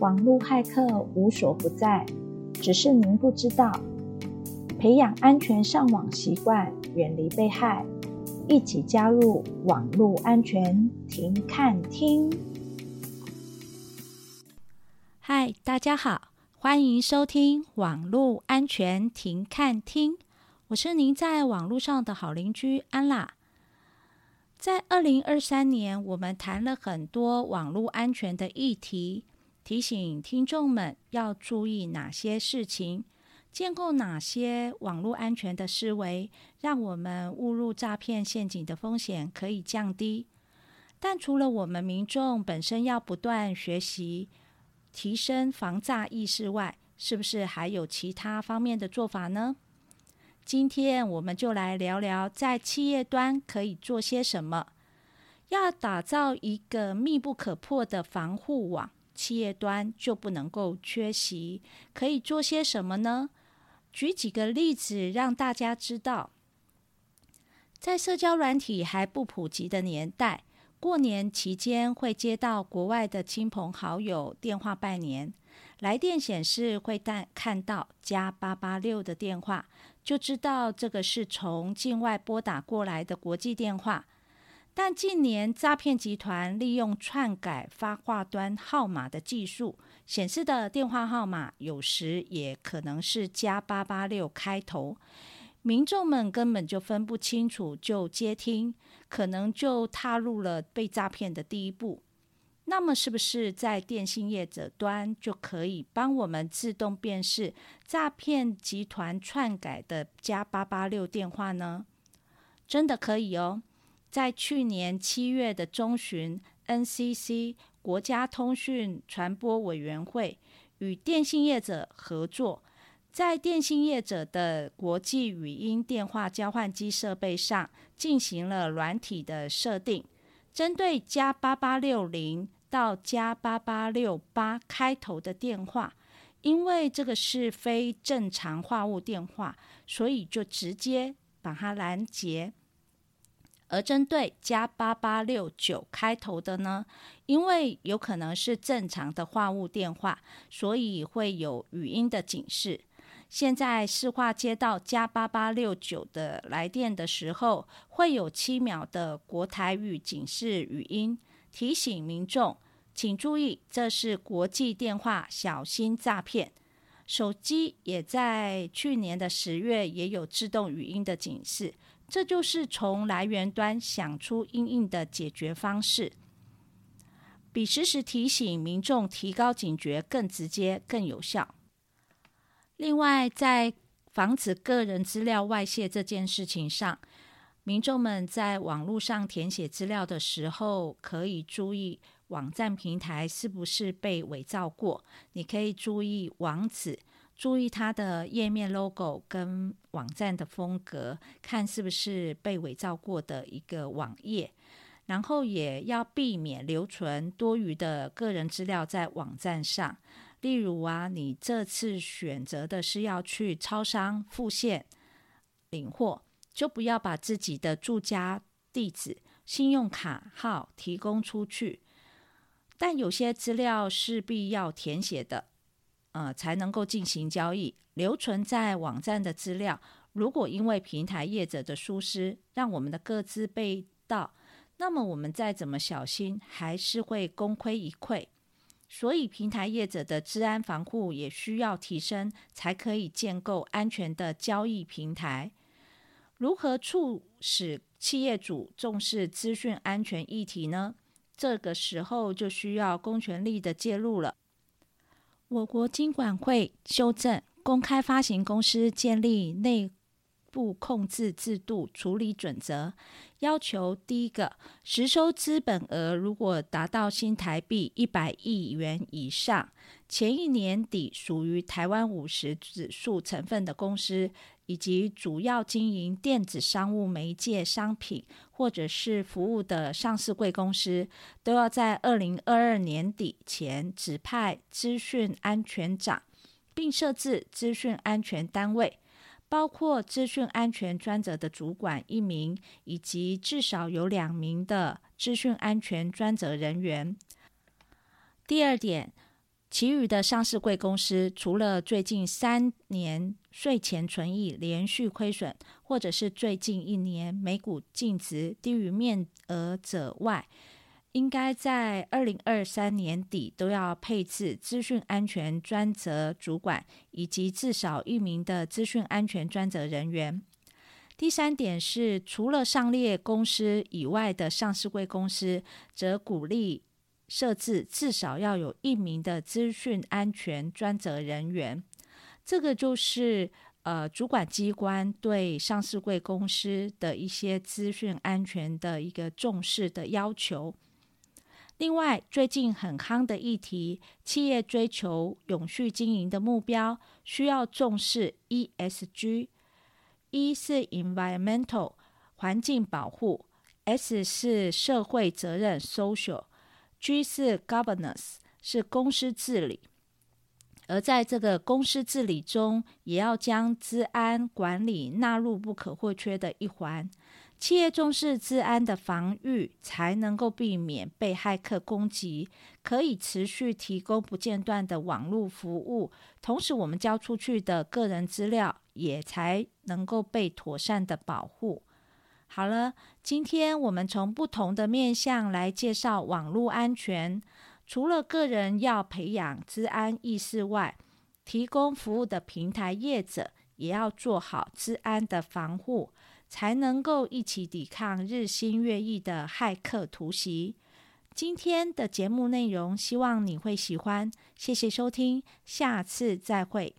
網絡駭客無所不在，只是您不知道。培養安全上網習慣，遠離被害，一起加入網絡安全停看聽。嗨，大家好，歡迎收聽網絡安全停看聽。我是您在網絡上的好鄰居，安娜。在二零二三年，我們談了很多網絡安全的議題。提醒聽眾們要注意哪些事情，建構哪些網絡安全的思維，讓我們誤入詐騙陷阱的風險可以降低。但除了我們民眾本身要不斷學習、提升防詐意識外，是不是還有其他方面的做法呢？今天我們就來聊聊在企業端可以做些什麼，要打造一個密不可破的防護網。企業端就不能夠缺席，可以做些什麼？呢？舉幾個例子讓大家知道。在社交軟體還不普及的年代，過年期間會接到國外的親朋好友電話拜年，來電顯示會，但看到加八八六的電話，就知道這個是從境外撥打過來的國際電話。但近年，詐騙集團利用篡改發話端號碼的技術，顯示的電話號碼有時也可能是加八八六開頭，民眾們根本就分不清楚，就接聽，可能就踏入了被詐騙的第一步。那麼，是不是在電信業者端就可以幫我們自動辨識詐騙集團篡改的加八八六電話呢？真的可以哦。在去年七月的中旬，NCC 國家通訊傳播委員會與電信業者合作，在電信業者的國際語音電話交換機設備上進行了軟體的設定，針對加八八六零到加八八六八開頭的電話，因為這個是非正常話務電話，所以就直接把它攔截。而針對加八八六九開頭的呢，因為有可能是正常的話務電話，所以會有語音的警示。現在市話接到加八八六九的來電的時候，會有七秒的國台語警示語音，提醒民眾請注意，這是國際電話，小心詐騙。手機也在去年的十月也有自動語音的警示。這就是從來源端想出因應的解決方式，比實時提醒民眾提高警覺更直接、更有效。另外，在防止個人資料外洩這件事情上，民眾們在網絡上填寫資料的時候，可以注意網站平台是不是被偽造過。你可以注意網址。注意它的頁面 logo 跟網站的風格，看是不是被偽造過的一個網頁。然後也要避免留存多餘的個人資料在網站上，例如啊，你這次選擇的是要去超商付現領貨，就不要把自己的住家地址、信用卡號提供出去。但有些資料是必要填寫的。呃，才能夠進行交易。留存在網站的資料，如果因為平台業者的疏失，讓我們的個資被盜，那麼我們再怎麼小心，還是會功虧一簣。所以，平台業者的資安防護也需要提升，才可以建構安全的交易平台。如何促使企業主重視資訊安全議題呢？這個時候就需要公權力的介入了。我國金管會修正公開發行公司建立內部控制制度處理準則，要求第一個實收資本額如果達到新台幣一百億元以上，前一年底屬於台灣五十指數成分的公司，以及主要經營電子商務媒介商品或者是服務的上市櫃公司，都要在二零二二年底前指派資訊安全長，並設置資訊安全單位，包括資訊安全專責的主管一名，以及至少有兩名的資訊安全專責人員。第二點。其餘的上市櫃公司，除了最近三年稅前存益連續虧損，或者是最近一年每股淨值低於面額者外，應該在二零二三年底都要配置資訊安全專責主管以及至少一名的資訊安全專責人員。第三點是，除了上列公司以外的上市櫃公司，則鼓勵。設置至少要有一名的資訊安全專責人員，這個就是呃主管機關對上市櫃公司的一些資訊安全的一個重視的要求。另外，最近很夯的議題，企業追求永續經營的目標，需要重視 E S G。E 是 Environmental，環境保護，S 是社會責任 Social。G 是 governance 是公司治理，而在這個公司治理中，也要將資安管理納入不可或缺的一環。企業重視資安的防御，才能夠避免被駭客攻擊，可以持續提供不間斷的網絡服務。同時，我們交出去的個人資料也才能夠被妥善的保護。好了，今天我們從不同的面向來介紹網絡安全。除了個人要培養資安意識外，提供服務的平台業者也要做好資安的防護，才能夠一起抵抗日新月異的駭客突襲。今天的節目內容，希望你會喜歡。謝謝收聽，下次再會。